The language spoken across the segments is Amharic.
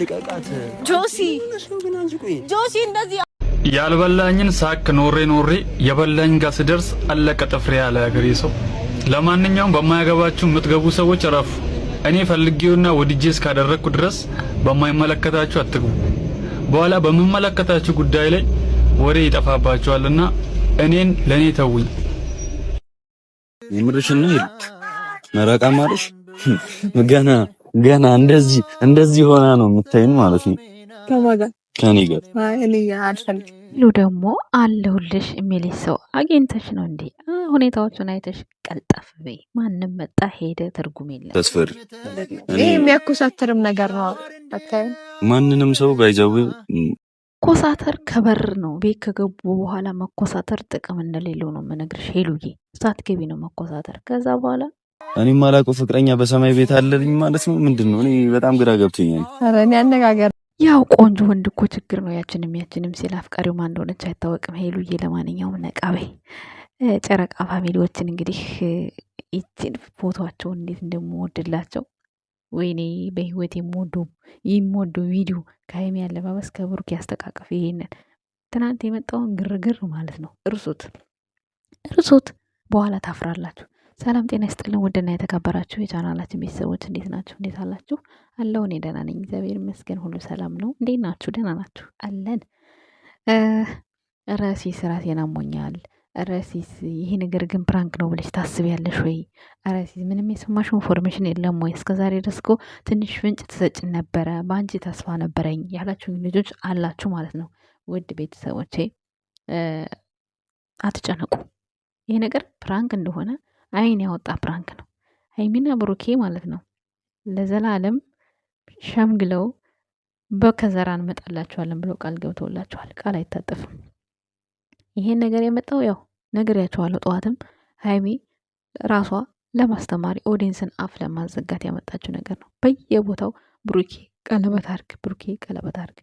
ልቀቃት ጆሲ። ጆሲ እንደዚህ ያልበላኝን ሳክ ኖሬ ኖሬ የበላኝ ጋር ስደርስ አለቀ ጥፍሬ ያለ ሀገሬ ሰው። ለማንኛውም በማያገባችሁ የምትገቡ ሰዎች እረፉ። እኔ ፈልጌውና ወድጄ እስካደረግኩ ድረስ በማይመለከታችሁ አትግቡ። በኋላ በምመለከታችሁ ጉዳይ ላይ ወሬ ይጠፋባችኋልና እኔን ለኔ ተውኝ። የምርሽና ይልት መራቃ ማርሽ ገና ገና እንደዚህ እንደዚህ ሆና ነው የምታይን ማለት ነው። ከኔ ጋር ሉ ደግሞ አለሁልሽ የሚል ሰው አግኝተሽ ነው እንዴ? ሁኔታዎቹን አይተሽ ቀልጠፍ በይ። ማንም መጣ ሄደ ትርጉም የለም። ተስፈሪ ይህ የሚያኮሳትርም ነገር ነው። ማንንም ሰው ባይዘው ኮሳተር ከበር ነው። ቤት ከገቡ በኋላ መኮሳተር ጥቅም እንደሌለው ነው የምነግርሽ ሄሉዬ። ሳትገቢ ነው መኮሳተር ከዛ በኋላ እኔ ማላውቀው ፍቅረኛ በሰማይ ቤት አለልኝ ማለት ነው። ምንድን ነው? እኔ በጣም ግራ ገብቶኛል። ኧረ እኔ አነጋገር ያው ቆንጆ ወንድ እኮ ችግር ነው። ያችንም ያችንም ሲል አፍቃሪው ማን እንደሆነች አይታወቅም። ሄሉዬ፣ ለማንኛውም ነቃበይ ጨረቃ ፋሚሊዎችን እንግዲህ ይችን ፎቶቸው እንዴት እንደምወድላቸው ወይኔ በህይወት የምወዱ የምወዱ ቪዲዮ ከሀይሚ አለባበስ ከብሩክ ያስተቃቀፍ ይሄንን ትናንት የመጣውን ግርግር ማለት ነው። እርሱት እርሱት፣ በኋላ ታፍራላችሁ። ሰላም ጤና ይስጥልን። ውድና የተከበራችሁ የቻናላችን ቤተሰቦች እንዴት ናችሁ? እንዴት አላችሁ? አለው እኔ ደህና ነኝ፣ እግዚአብሔር ይመስገን፣ ሁሉ ሰላም ነው። እንዴት ናችሁ? ደህና ናችሁ? አለን። ረሲስ ራሴን አሞኛል። ረሲስ ይሄ ነገር ግን ፕራንክ ነው ብለሽ ታስቢያለሽ ወይ? ረሲስ ምንም የሰማሽው ኢንፎርሜሽን የለም ወይ? እስከዛሬ ድረስ እኮ ትንሽ ፍንጭ ትሰጭን ነበረ፣ በአንቺ ተስፋ ነበረኝ ያላችሁ ልጆች አላችሁ ማለት ነው። ውድ ቤተሰቦቼ አትጨነቁ፣ ይሄ ነገር ፕራንክ እንደሆነ አይን ያወጣ ፕራንክ ነው። ሀይሚና ብሩኬ ማለት ነው ለዘላለም ሸምግለው በከዘራ እንመጣላቸዋለን ብለው ቃል ገብተውላቸዋል። ቃል አይታጠፍም። ይሄን ነገር የመጣው ያው ነግሬያቸዋለሁ። ጠዋትም ሀይሚ ራሷ ለማስተማሪ ኦዲንስን አፍ ለማዘጋት ያመጣችው ነገር ነው። በየቦታው ብሩኬ ቀለበት አርግ፣ ብሩኬ ቀለበት አርግ።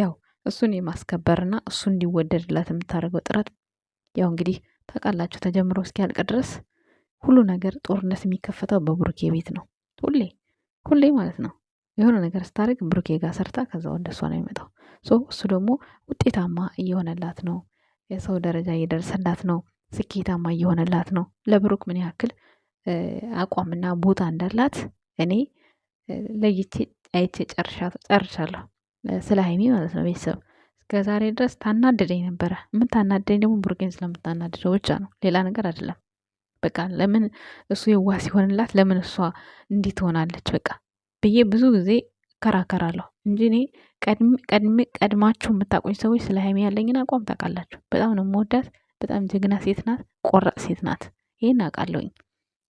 ያው እሱን የማስከበርና እሱ እንዲወደድላት የምታደርገው ጥረት ያው እንግዲህ ታውቃላችሁ ተጀምሮ እስኪያልቅ ድረስ ሁሉ ነገር ጦርነት የሚከፈተው በብሩኬ ቤት ነው። ሁሌ ሁሌ ማለት ነው። የሆነ ነገር ስታደርግ ብሩኬ ጋር ሰርታ ከዛ ወደ እሷ ነው የሚመጣው። እሱ ደግሞ ውጤታማ እየሆነላት ነው። የሰው ደረጃ እየደረሰላት ነው። ስኬታማ እየሆነላት ነው። ለብሩክ ምን ያክል አቋምና ቦታ እንዳላት እኔ ለይቼ አይቼ ጨርሻለሁ። ስለ ሀይሚ ማለት ነው። ቤተሰብ እስከ ዛሬ ድረስ ታናደደኝ ነበረ። የምታናደደኝ ደግሞ ብሩኬን ስለምታናደደው ብቻ ነው፣ ሌላ ነገር አይደለም። ይጠበቃል። ለምን እሱ የዋህ ሲሆንላት ለምን እሷ እንዲህ ትሆናለች? በቃ ብዬ ብዙ ጊዜ እከራከራለሁ እንጂ እኔ ቀድሜ ቀድማችሁ የምታቆኝ ሰዎች ስለ ሀይሚ ያለኝን አቋም ታውቃላችሁ። በጣም ነው የምወዳት። በጣም ጀግና ሴት ናት። ቆራጥ ሴት ናት። ይህን አውቃለሁኝ።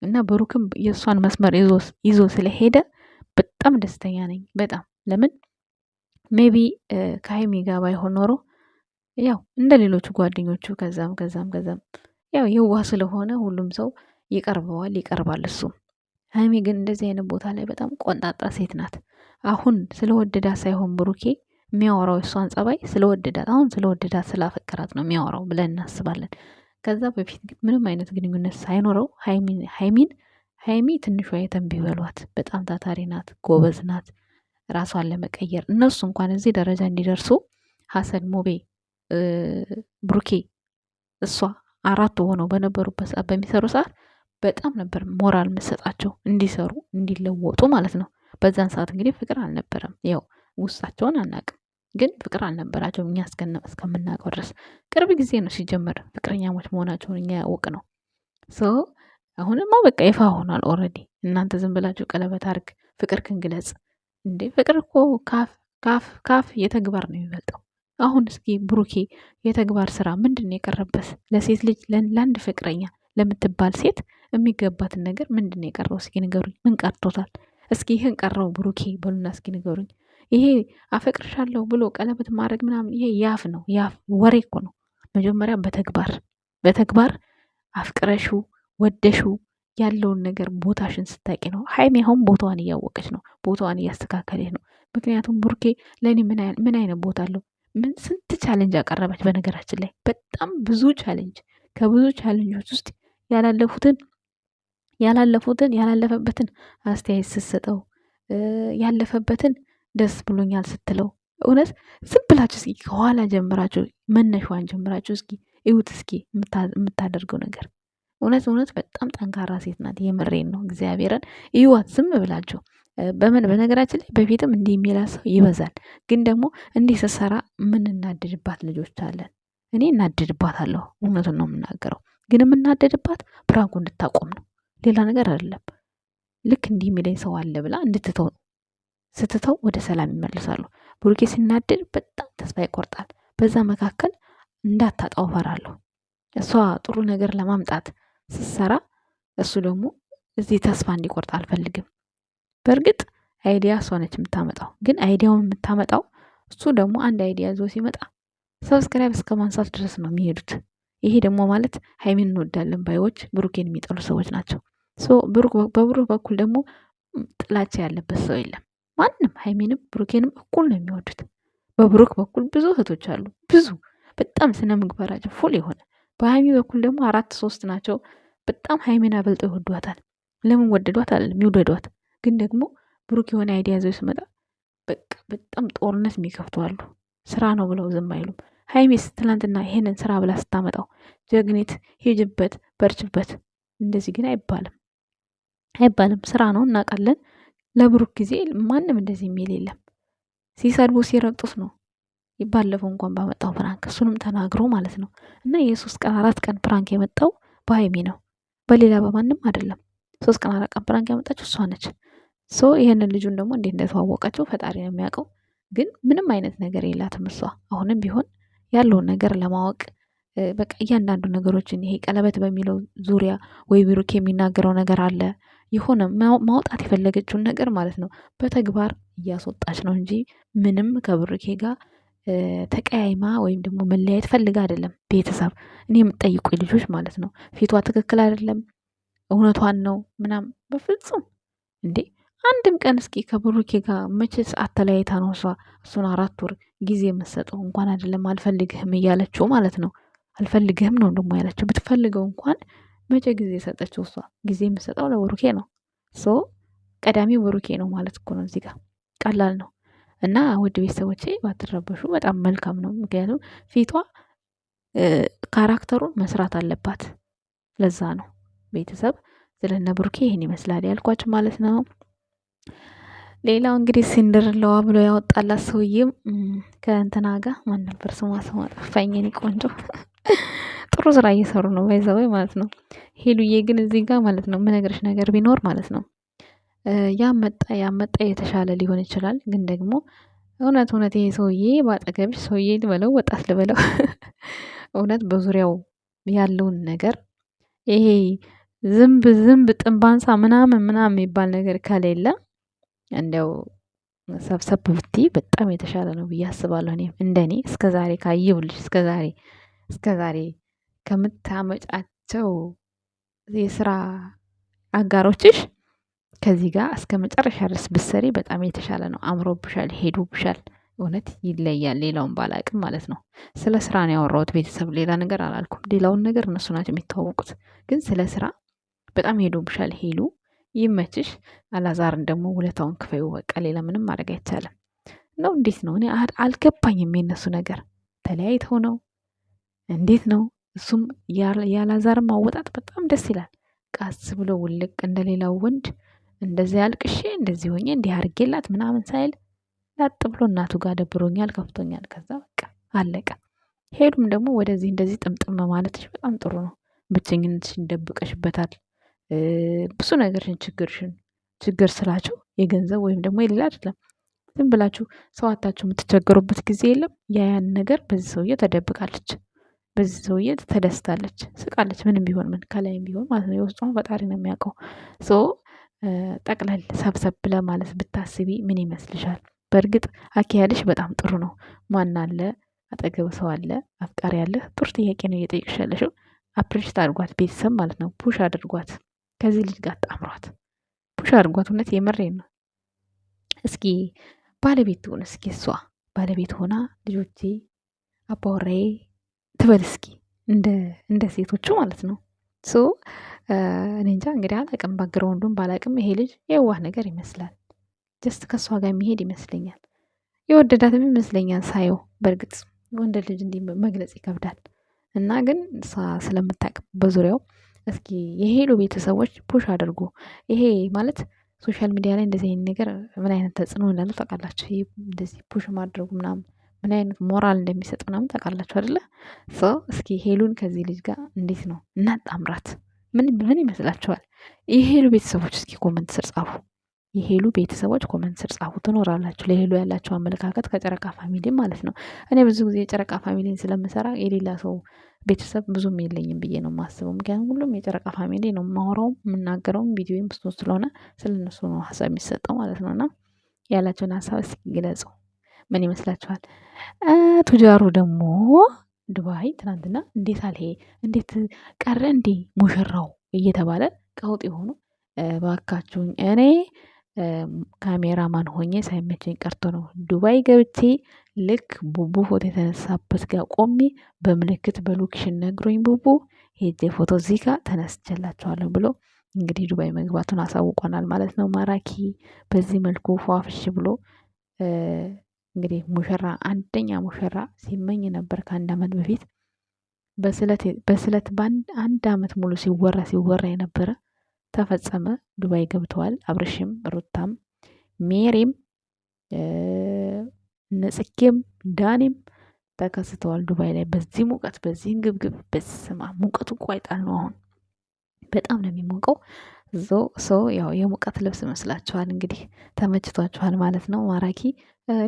እና ብሩክም የእሷን መስመር ይዞ ስለሄደ በጣም ደስተኛ ነኝ። በጣም ለምን ሜቢ ከሀይሚ ጋር ባይሆን ኖሮ ያው እንደ ሌሎቹ ጓደኞቹ ከዛም ከዛም ከዛም ያው የዋ ስለሆነ ሁሉም ሰው ይቀርበዋል፣ ይቀርባል እሱም። ሀይሚ ግን እንደዚህ አይነት ቦታ ላይ በጣም ቆንጣጣ ሴት ናት። አሁን ስለወደዳት ሳይሆን ብሩኬ የሚያወራው እሷን ጸባይ ስለወደዳት አሁን ስለወደዳት ስላፈቀራት ነው የሚያወራው ብለን እናስባለን። ከዛ በፊት ግን ምንም አይነት ግንኙነት ሳይኖረው ሀይሚን ሀይሚ ትንሿ የተንቢ በሏት። በጣም ታታሪ ናት፣ ጎበዝ ናት። ራሷን ለመቀየር እነሱ እንኳን እዚህ ደረጃ እንዲደርሱ ሀሰን፣ ሞቤ ብሩኬ እሷ አራት ሆነው በነበሩበት ሰዓት በሚሰሩ ሰዓት በጣም ነበር ሞራል የምሰጣቸው እንዲሰሩ እንዲለወጡ ማለት ነው። በዛን ሰዓት እንግዲህ ፍቅር አልነበረም። ያው ውስጣቸውን አናቅም ግን ፍቅር አልነበራቸውም እኛ እስከምናውቀው ድረስ። ቅርብ ጊዜ ነው ሲጀመር ፍቅረኛሞች መሆናቸውን እኛ ያወቅ ነው። አሁንማ በቃ ይፋ ሆኗል ኦልሬዲ። እናንተ ዝም ብላችሁ ቀለበት አድርግ ፍቅር ክንግለጽ እንዴ! ፍቅር እኮ ካፍ ካፍ ካፍ የተግባር ነው የሚበልጠው። አሁን እስኪ ብሩኬ የተግባር ስራ ምንድን ነው የቀረበት? ለሴት ልጅ ለአንድ ፍቅረኛ ለምትባል ሴት የሚገባትን ነገር ምንድን ነው የቀረው? እስኪ ንገሩኝ። ምን ቀርቶታል? እስኪ ይህን ቀረው ብሩኬ በሉና እስኪ ንገሩኝ። ይሄ አፈቅርሻለሁ ብሎ ቀለበት ማድረግ ምናምን ይሄ ያፍ ነው፣ ያፍ ወሬ እኮ ነው። መጀመሪያ በተግባር በተግባር አፍቅረሹ ወደሹ ያለውን ነገር ቦታሽን ስታቂ ነው። ሀይሜ አሁን ቦታዋን እያወቀች ነው፣ ቦታዋን እያስተካከለች ነው። ምክንያቱም ብሩኬ ለእኔ ምን አይነት ቦታ አለው? ምን ስንት ቻለንጅ አቀረበች። በነገራችን ላይ በጣም ብዙ ቻለንጅ፣ ከብዙ ቻለንጆች ውስጥ ያላለፉትን ያላለፉትን ያላለፈበትን አስተያየት ስትሰጠው ያለፈበትን ደስ ብሎኛል ስትለው እውነት ዝም ብላችሁ እስኪ ከኋላ ጀምራችሁ መነሻዋን ጀምራችሁ እስኪ እዩት እስኪ የምታደርገው ነገር እውነት እውነት በጣም ጠንካራ ሴት ናት። የምሬን ነው። እግዚአብሔርን እዩዋት ዝም ብላችሁ በምን በነገራችን ላይ በፊትም እንዲህ የሚላ ሰው ይበዛል። ግን ደግሞ እንዲህ ስትሰራ እናድድባት ልጆች አለን። እኔ አለሁ እውነቱን ነው የምናገረው ግን የምናደድባት ፕራንኩ እንድታቆም ነው ሌላ ነገር አይደለም። ልክ እንዲህ የሚለኝ ሰው አለ ብላ እንድትተው ስትተው ወደ ሰላም ይመልሳሉ። ብሩኬ ሲናደድ በጣም ተስፋ ይቆርጣል። በዛ መካከል እንዳታጣው እፈራለሁ። እሷ ጥሩ ነገር ለማምጣት ስትሰራ እሱ ደግሞ እዚህ ተስፋ እንዲቆርጥ አልፈልግም። በእርግጥ አይዲያ እሷ ነች የምታመጣው ግን አይዲያውን የምታመጣው እሱ ደግሞ አንድ አይዲያ ይዞ ሲመጣ ሰብስክራይብ እስከ ማንሳት ድረስ ነው የሚሄዱት። ይሄ ደግሞ ማለት ሀይሚን እንወዳለን ባዮች ብሩኬን የሚጠሉ ሰዎች ናቸው። በብሩክ በኩል ደግሞ ጥላቻ ያለበት ሰው የለም። ማንም ሃይሚንም ብሩኬንም እኩል ነው የሚወዱት። በብሩክ በኩል ብዙ እህቶች አሉ፣ ብዙ በጣም ስነ ምግባራቸው ፉል የሆነ በሀይሚ በኩል ደግሞ አራት ሶስት ናቸው። በጣም ሀይሚን አበልጠው ይወዷታል። ለምን ወደዷት አለ የሚወደዷት ግን ደግሞ ብሩክ የሆነ አይዲያ ይዘው ስመጣ በቃ በጣም ጦርነት የሚከፍቱ አሉ። ስራ ነው ብለው ዝም አይሉም። ሀይሜስ ትናንትና ይሄንን ስራ ብላ ስታመጣው ጀግኒት፣ ሂጅበት፣ በርችበት። እንደዚህ ግን አይባልም አይባልም። ስራ ነው እናውቃለን። ለብሩክ ጊዜ ማንም እንደዚህ የሚል የለም። ሲሰድቡ ሲረግጡት ነው ባለፈው እንኳን ባመጣው ፕራንክ እሱንም ተናግሮ ማለት ነው። እና የሶስት ቀን አራት ቀን ፕራንክ የመጣው በሀይሜ ነው፣ በሌላ በማንም አይደለም። ሶስት ቀን አራት ቀን ፕራንክ ያመጣችው እሷ ነች። ሶ ይህንን ልጁን ደግሞ እንዴት እንደተዋወቀችው ፈጣሪ ነው የሚያውቀው። ግን ምንም አይነት ነገር የላትም እሷ አሁንም ቢሆን ያለውን ነገር ለማወቅ በቃ እያንዳንዱ ነገሮችን ይሄ ቀለበት በሚለው ዙሪያ ወይ ብሩክ የሚናገረው ነገር አለ የሆነ ማውጣት የፈለገችውን ነገር ማለት ነው በተግባር እያስወጣች ነው እንጂ ምንም ከብሩኬ ጋር ተቀያይማ ወይም ደግሞ መለያየት ፈልጋ አይደለም። ቤተሰብ እኔ የምጠይቁ ልጆች ማለት ነው ፊቷ ትክክል አይደለም፣ እውነቷን ነው ምናምን በፍጹም እንዴ አንድም ቀን እስኪ ከብሩኬ ጋር ሰዓት ተለያይታ ነው እሷ እሱን አራት ወር ጊዜ የምትሰጠው እንኳን አይደለም አልፈልግህም እያለችው ማለት ነው። አልፈልግህም ነው ደግሞ ያለችው። ብትፈልገው እንኳን መቼ ጊዜ የሰጠችው እሷ ጊዜ የምትሰጠው ለብሩኬ ነው። ሶ ቀዳሚው ብሩኬ ነው ማለት እኮ ነው። እዚህ ጋር ቀላል ነው። እና ውድ ቤተሰቦቼ ባትረበሹ በጣም መልካም ነው። ምክንያቱም ፊቷ ካራክተሩን መስራት አለባት። ለዛ ነው ቤተሰብ ስለነ ብሩኬ ይህን ይመስላል ያልኳቸው ማለት ነው። ሌላው እንግዲህ ሲንደርላዋ ብሎ ያወጣላት ሰውዬም ከእንትና ጋር ማን ነበር ስሟ? ስሟ ጠፋኝ። የኔ ቆንጆ ጥሩ ስራ እየሰሩ ነው ባይዘወይ ማለት ነው። ሄሉዬ ግን እዚህ ጋር ማለት ነው ምነግርሽ ነገር ቢኖር ማለት ነው ያመጣ ያመጣ የተሻለ ሊሆን ይችላል። ግን ደግሞ እውነት እውነት ይሄ ሰውዬ በአጠገብሽ ሰውዬ ልበለው ወጣት ልበለው እውነት በዙሪያው ያለውን ነገር ይሄ ዝንብ ዝንብ ጥንባንሳ ምናምን ምናምን የሚባል ነገር ከሌለ እንደው ሰብሰብ ብቲ በጣም የተሻለ ነው ብዬ አስባለሁ። እኔም እንደኔ እስከ ዛሬ ካየሁልሽ እስከ ዛሬ እስከ ዛሬ ከምታመጫቸው የስራ አጋሮችሽ ከዚህ ጋር እስከ መጨረሻ ድረስ ብሰሪ በጣም የተሻለ ነው። አምሮብሻል፣ ብሻል እውነት ይለያል። ሌላውን ባላቅም ማለት ነው። ስለ ስራ ነው ያወራሁት ቤተሰብ፣ ሌላ ነገር አላልኩም። ሌላውን ነገር እነሱ ናቸው የሚታወቁት፣ ግን ስለ ስራ በጣም ሄዶብሻል ሄሉ ይመችሽ። አላዛርን ደግሞ ውለታውን ክፈዩ። በቃ ሌላ ምንም ማድረግ አይቻልም ነው። እንዴት ነው? እኔ አልገባኝም የነሱ ነገር። ተለያይተው ነው እንዴት ነው? እሱም የአላዛርን ማወጣት በጣም ደስ ይላል። ቃስ ብሎ ውልቅ እንደሌላው ወንድ እንደዚህ አልቅሼ እንደዚህ ሆኜ እንዲህ አርጌላት ምናምን ሳይል ላጥ ብሎ እናቱ ጋር ደብሮኛል፣ ከፍቶኛል፣ ከዛ በቃ አለቀ። ሄዱም ደግሞ ወደዚህ እንደዚህ ጥምጥም ማለትሽ በጣም ጥሩ ነው። ብቸኝነትሽን ደብቀሽበታል። ብዙ ነገርሽን ችግርሽን ችግር ስላችሁ የገንዘብ ወይም ደግሞ የሌላ አይደለም። ዝም ብላችሁ ሰው አጥታችሁ የምትቸገሩበት ጊዜ የለም ያ ያን ነገር በዚህ ሰውዬ ተደብቃለች። በዚህ ሰውዬ ተደስታለች ስቃለች ምንም ቢሆን ምን ከላይም ቢሆን ማለት ነው የውስጧን ፈጣሪ ነው የሚያውቀው። ሶ ጠቅለል ሰብሰብ ማለት ብታስቢ ምን ይመስልሻል? በእርግጥ አካሄድሽ በጣም ጥሩ ነው። ማን አለ አጠገብ ሰው አለ አፍቃሪ አለህ ጥሩ ጥያቄ ነው እየጠየቅሽ ያለሽው። አፕሪሼት አድርጓት ቤተሰብ ማለት ነው ፑሽ አድርጓት ከዚህ ልጅ ጋር አታምሯት፣ ፑሽ አድርጓት። እውነት ነው። እስኪ ባለቤት ትሆን እስኪ እሷ ባለቤት ሆና ልጆቼ አባወራዬ ትበል እስኪ እንደ ሴቶቹ ማለት ነው። ሶ እኔ እንጃ እንግዲህ አላቅም፣ ባግራውንዱን ባላቅም ይሄ ልጅ የዋህ ነገር ይመስላል። ጀስት ከእሷ ጋር የሚሄድ ይመስለኛል። የወደዳትም ይመስለኛል ሳየው። በእርግጥ ወንድ ልጅ እንዲህ መግለጽ ይከብዳል እና ግን ስለምታቅ በዙሪያው እስኪ የሄሉ ቤተሰቦች ፑሽ አድርጉ። ይሄ ማለት ሶሻል ሚዲያ ላይ እንደዚህ አይነት ነገር ምን አይነት ተጽዕኖ እንዳለው ታውቃላችሁ። ይሄ እንደዚህ ፑሽ ማድረጉ ምናምን ምን አይነት ሞራል እንደሚሰጥ ምናምን ታውቃላችሁ አይደለ? ሰው እስኪ ሄሉን ከዚህ ልጅ ጋር እንዴት ነው እናጣምራት? ምን ምን ይመስላችኋል? የሄሉ ቤተሰቦች እስኪ ኮመንት ስር ጻፉ። የሄሉ ቤተሰቦች ኮመንት ስር ጻፉ። ትኖራላችሁ ለሄሉ ያላቸው አመለካከት ከጨረቃ ፋሚሊ ማለት ነው። እኔ ብዙ ጊዜ የጨረቃ ፋሚሊን ስለምሰራ የሌላ ሰው ቤተሰብ ብዙም የለኝም ብዬ ነው የማስበው። ምክንያቱም ሁሉም የጨረቃ ፋሚሊ ነው የማወራውም የምናገረውም ቪዲዮ ብስቶ ስለሆነ ስለነሱ ነው ሀሳብ የሚሰጠው ማለት ነው። እና ያላቸውን ሀሳብ እስኪ ግለጹ። ምን ይመስላችኋል? ቱጃሩ ደግሞ ዱባይ ትናንትና እንዴት አልሄ እንዴት ቀረ እንዴ ሙሽራው እየተባለ ቀውጥ የሆኑ ባካችሁኝ እኔ ካሜራማን ሆኜ ሳይመቸኝ ቀርቶ ነው። ዱባይ ገብቼ ልክ ቡቡ ፎቶ የተነሳበት ጋር ቆሜ በምልክት በሎኬሽን ነግሮኝ ቡቡ ሄጄ ፎቶ እዚህ ጋር ተነስቼላችኋለሁ ብሎ እንግዲህ ዱባይ መግባቱን አሳውቆናል ማለት ነው። ማራኪ በዚህ መልኩ ፏፍሽ ብሎ እንግዲህ ሙሽራ አንደኛ ሙሽራ ሲመኝ ነበር ከአንድ ዓመት በፊት በስለት በስለት በአንድ አንድ ዓመት ሙሉ ሲወራ ሲወራ የነበረ ተፈጸመ። ዱባይ ገብተዋል። አብርሽም ሩታም ሜሪም ነጽጌም ዳኒም ተከስተዋል ዱባይ ላይ በዚህ ሙቀት በዚህ ግብግብ በስማ ሙቀቱ እኮ አይጣል ነው። አሁን በጣም ነው የሚሞቀው። ዞ ሶ ያው የሙቀት ልብስ መስላችኋል እንግዲህ ተመችቷችኋል ማለት ነው። ማራኪ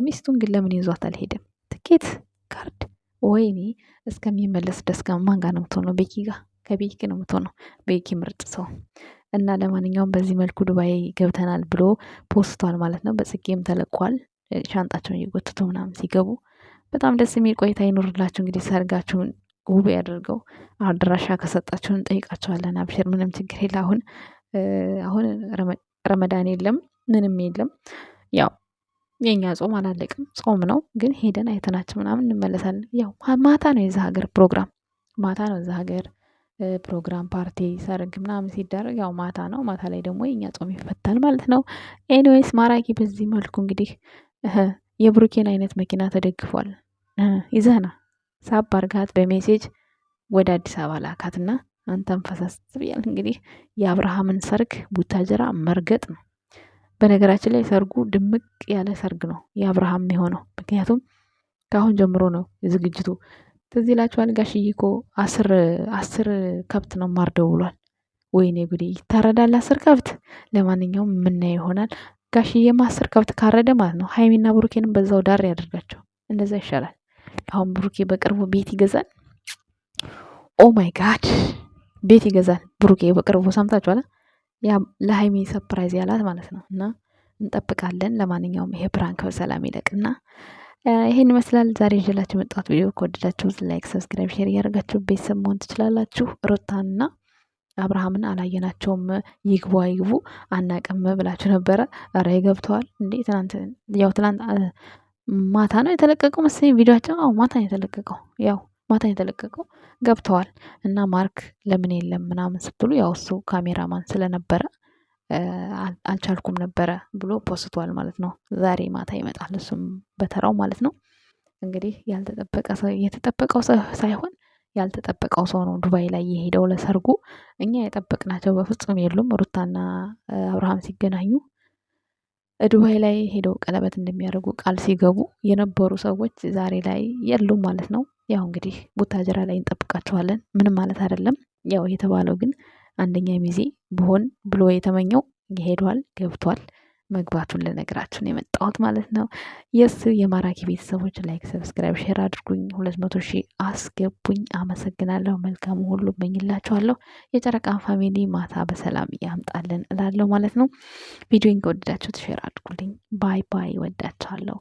ሚስቱን ግን ለምን ይዟት አልሄደም? ትኬት ካርድ ወይኔ እስከሚመለስ ደስ ጋር ማን ጋር ነው የምትሆነው? ቤኪ ጋር ከቤኪ ነው የምትሆነው። ቤኪ ምርጥ ሰው እና ለማንኛውም በዚህ መልኩ ዱባይ ገብተናል ብሎ ፖስቷል ማለት ነው። በጽጌም ተለቋል። ሻንጣቸውን እየጎተቱ ምናምን ሲገቡ በጣም ደስ የሚል ቆይታ ይኖርላችሁ። እንግዲህ ሰርጋችሁን ውብ ያደርገው። አድራሻ ከሰጣችሁን ጠይቃቸዋለን። አብሽር ምንም ችግር የለ። አሁን አሁን ረመዳን የለም ምንም የለም። ያው የእኛ ጾም አላለቅም፣ ጾም ነው። ግን ሄደን አይተናቸው ምናምን እንመለሳለን። ያው ማታ ነው የዛ ሀገር ፕሮግራም ማታ ነው እዛ ሀገር ፕሮግራም ፓርቲ ሰርግ ምናምን ሲደረግ ያው ማታ ነው። ማታ ላይ ደግሞ የኛ ጾም ይፈታል ማለት ነው። ኤኒዌይስ ማራኪ በዚህ መልኩ እንግዲህ የብሩኬን አይነት መኪና ተደግፏል። ይዘህና ሳብ አርጋት በሜሴጅ ወደ አዲስ አበባ ላካትና አንተን ፈሳስ ብያል። እንግዲህ የአብርሃምን ሰርግ ቡታጀራ መርገጥ ነው። በነገራችን ላይ ሰርጉ ድምቅ ያለ ሰርግ ነው የአብርሃም የሆነው። ምክንያቱም ከአሁን ጀምሮ ነው ዝግጅቱ ትዝ ይላችኋል ጋሽዬ እኮ አስር አስር ከብት ነው ማርደው ብሏል። ወይኔ ጉዴ ይታረዳል አስር ከብት። ለማንኛውም የምናየው ይሆናል። ጋሽዬም አስር ከብት ካረደ ማለት ነው ሀይሚና ብሩኬንም በዛው ዳር ያደርጋቸው። እንደዛ ይሻላል። አሁን ብሩኬ በቅርቡ ቤት ይገዛል። ኦ ማይ ጋድ ቤት ይገዛል ብሩኬ በቅርቡ ሰምታችኋል። ያ ለሀይሚ ሰፕራይዝ ያላት ማለት ነው። እና እንጠብቃለን። ለማንኛውም ይሄ ፕራንክ በሰላም ይለቅና ይሄን ይመስላል ዛሬ ይዤላችሁ መጣሁት ቪዲዮ። ከወደዳችሁት ላይክ፣ ሰብስክራይብ፣ ሼር እያደረጋችሁ ቤተሰብ መሆን ትችላላችሁ። ሩታና አብርሃምን አላየናቸውም። ይግቡ አይግቡ አናቅም ብላችሁ ነበረ። ኧረ ገብተዋል እንዴ! ትናንት ያው ትናንት ማታ ነው የተለቀቀው መሰለኝ ቪዲዮቸው። አዎ ማታ ነው የተለቀቀው፣ ያው ማታ ነው የተለቀቀው። ገብተዋል እና ማርክ ለምን የለም ምናምን ስትሉ ያው እሱ ካሜራማን ስለነበረ አልቻልኩም ነበረ ብሎ ፖስቷል ማለት ነው። ዛሬ ማታ ይመጣል እሱም በተራው ማለት ነው። እንግዲህ ያልተጠበቀ ሰው የተጠበቀው ሰው ሳይሆን ያልተጠበቀው ሰው ነው ዱባይ ላይ የሄደው ለሰርጉ። እኛ የጠበቅናቸው በፍጹም የሉም። ሩታና አብርሃም ሲገናኙ ዱባይ ላይ ሄደው ቀለበት እንደሚያደርጉ ቃል ሲገቡ የነበሩ ሰዎች ዛሬ ላይ የሉም ማለት ነው። ያው እንግዲህ ቡታጀራ ላይ እንጠብቃቸዋለን። ምንም ማለት አይደለም። ያው የተባለው ግን አንደኛ ሚዜ ብሆን ብሎ የተመኘው ሄዷል፣ ገብቷል። መግባቱን ልነግራችሁ ነው የመጣሁት ማለት ነው። የስ የማራኪ ቤተሰቦች ላይክ፣ ሰብስክራይብ፣ ሼር አድርጉኝ። ሁለት መቶ ሺህ አስገቡኝ። አመሰግናለሁ። መልካሙ ሁሉ እመኝላችኋለሁ። የጨረቃን ፋሚሊ ማታ በሰላም ያምጣልን እላለሁ ማለት ነው። ቪዲዮን ከወደዳችሁት ሼር አድርጉልኝ። ባይ ባይ። ወዳችኋለሁ።